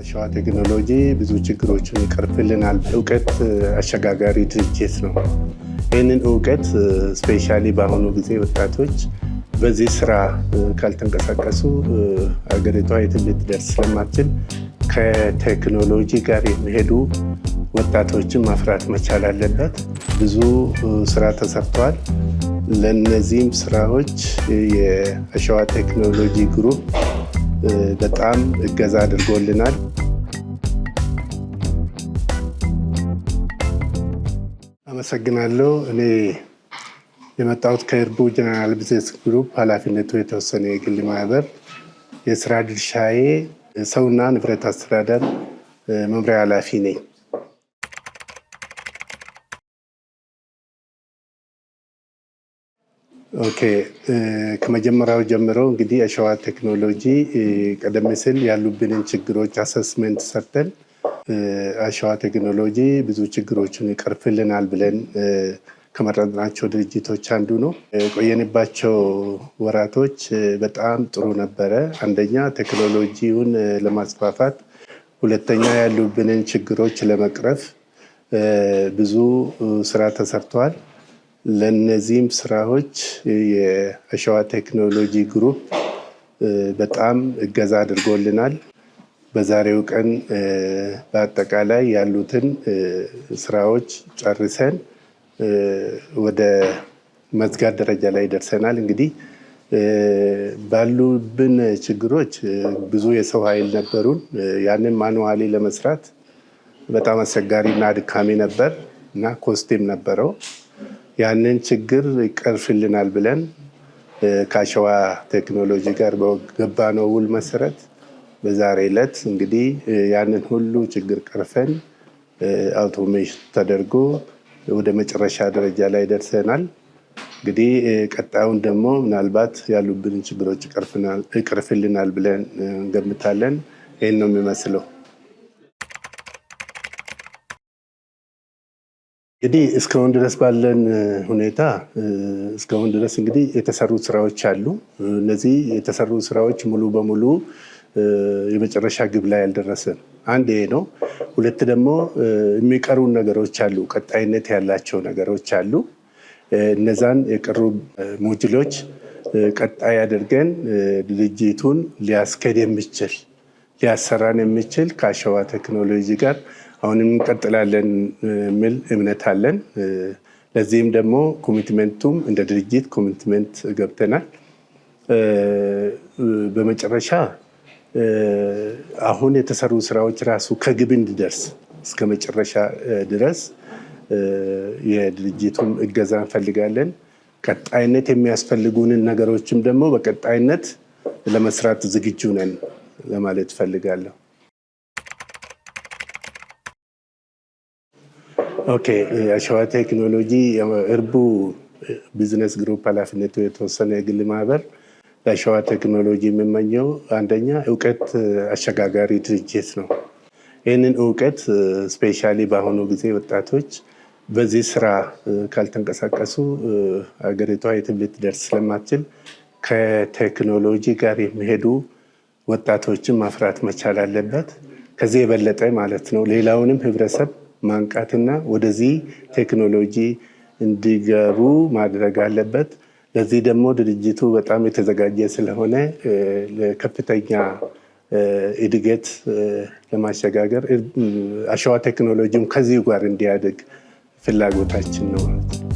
አሸዋ ቴክኖሎጂ ብዙ ችግሮችን ይቀርፍልናል። እውቀት አሸጋጋሪ ድርጅት ነው። ይህንን እውቀት ስፔሻሊ በአሁኑ ጊዜ ወጣቶች በዚህ ስራ ካልተንቀሳቀሱ አገሪቷ የትም ልትደርስ ስለማትችል ከቴክኖሎጂ ጋር የሚሄዱ ወጣቶችን ማፍራት መቻል አለበት። ብዙ ስራ ተሰርተዋል። ለእነዚህም ስራዎች የአሸዋ ቴክኖሎጂ ግሩፕ በጣም እገዛ አድርጎልናል። አመሰግናለሁ። እኔ የመጣሁት ከእርቡ ጀነራል ቢዝነስ ግሩፕ ኃላፊነቱ የተወሰነ የግል ማህበር የስራ ድርሻዬ ሰውና ንብረት አስተዳደር መምሪያ ኃላፊ ነኝ። ኦኬ ከመጀመሪያው ጀምሮ እንግዲህ የሸዋ ቴክኖሎጂ ቀደም ሲል ያሉብንን ችግሮች አሰስመንት ሰርተን አሸዋ ቴክኖሎጂ ብዙ ችግሮችን ይቀርፍልናል ብለን ከመረጥናቸው ድርጅቶች አንዱ ነው። የቆየንባቸው ወራቶች በጣም ጥሩ ነበረ። አንደኛ ቴክኖሎጂውን ለማስፋፋት፣ ሁለተኛ ያሉብንን ችግሮች ለመቅረፍ ብዙ ስራ ተሰርተዋል። ለነዚህም ስራዎች የአሸዋ ቴክኖሎጂ ግሩፕ በጣም እገዛ አድርጎልናል። በዛሬው ቀን በአጠቃላይ ያሉትን ስራዎች ጨርሰን ወደ መዝጋት ደረጃ ላይ ደርሰናል። እንግዲህ ባሉብን ችግሮች ብዙ የሰው ኃይል ነበሩን። ያንን ማኑዋሊ ለመስራት በጣም እና አድካሚ ነበር እና ኮስቴም ነበረው። ያንን ችግር ይቀርፍልናል ብለን ከአሸዋ ቴክኖሎጂ ጋር በገባነው ውል መሰረት በዛሬ ዕለት እንግዲህ ያንን ሁሉ ችግር ቀርፈን አውቶሜሽን ተደርጎ ወደ መጨረሻ ደረጃ ላይ ደርሰናል። እንግዲህ ቀጣዩን ደግሞ ምናልባት ያሉብንን ችግሮች ይቅርፍልናል ብለን እንገምታለን። ይህን ነው የሚመስለው። እንግዲህ እስካሁን ድረስ ባለን ሁኔታ እስካሁን ድረስ እንግዲህ የተሰሩ ስራዎች አሉ። እነዚህ የተሰሩ ስራዎች ሙሉ በሙሉ የመጨረሻ ግብ ላይ አልደረሰም። አንድ ይሄ ነው። ሁለት ደግሞ የሚቀሩ ነገሮች አሉ፣ ቀጣይነት ያላቸው ነገሮች አሉ። እነዛን የቀሩ ሞጁሎች ቀጣይ አድርገን ድርጅቱን ሊያስኬድ የሚችል ሊያሰራን የሚችል ከአሸዋ ቴክኖሎጂ ጋር አሁንም እንቀጥላለን የሚል እምነት አለን። ለዚህም ደግሞ ኮሚትመንቱም እንደ ድርጅት ኮሚትመንት ገብተናል። በመጨረሻ አሁን የተሰሩ ስራዎች ራሱ ከግብ እንዲደርስ እስከ መጨረሻ ድረስ የድርጅቱን እገዛ እንፈልጋለን። ቀጣይነት የሚያስፈልጉንን ነገሮችም ደግሞ በቀጣይነት ለመስራት ዝግጁ ነን። ለማለት ፈልጋለሁ። ኦኬ የአሸዋ ቴክኖሎጂ እርቡ ቢዝነስ ግሩፕ ኃላፊነቱ የተወሰነ የግል ማህበር ለአሸዋ ቴክኖሎጂ የምመኘው አንደኛ እውቀት አሸጋጋሪ ድርጅት ነው። ይህንን እውቀት ስፔሻሊ በአሁኑ ጊዜ ወጣቶች በዚህ ስራ ካልተንቀሳቀሱ ሀገሪቷ የትም ልትደርስ ስለማትችል ከቴክኖሎጂ ጋር የሚሄዱ ወጣቶችን ማፍራት መቻል አለበት። ከዚህ የበለጠ ማለት ነው ሌላውንም ህብረተሰብ ማንቃትና ወደዚህ ቴክኖሎጂ እንዲገቡ ማድረግ አለበት። ለዚህ ደግሞ ድርጅቱ በጣም የተዘጋጀ ስለሆነ ለከፍተኛ እድገት ለማሸጋገር አሸዋ ቴክኖሎጂም ከዚሁ ጋር እንዲያድግ ፍላጎታችን ነው ማለት ነው።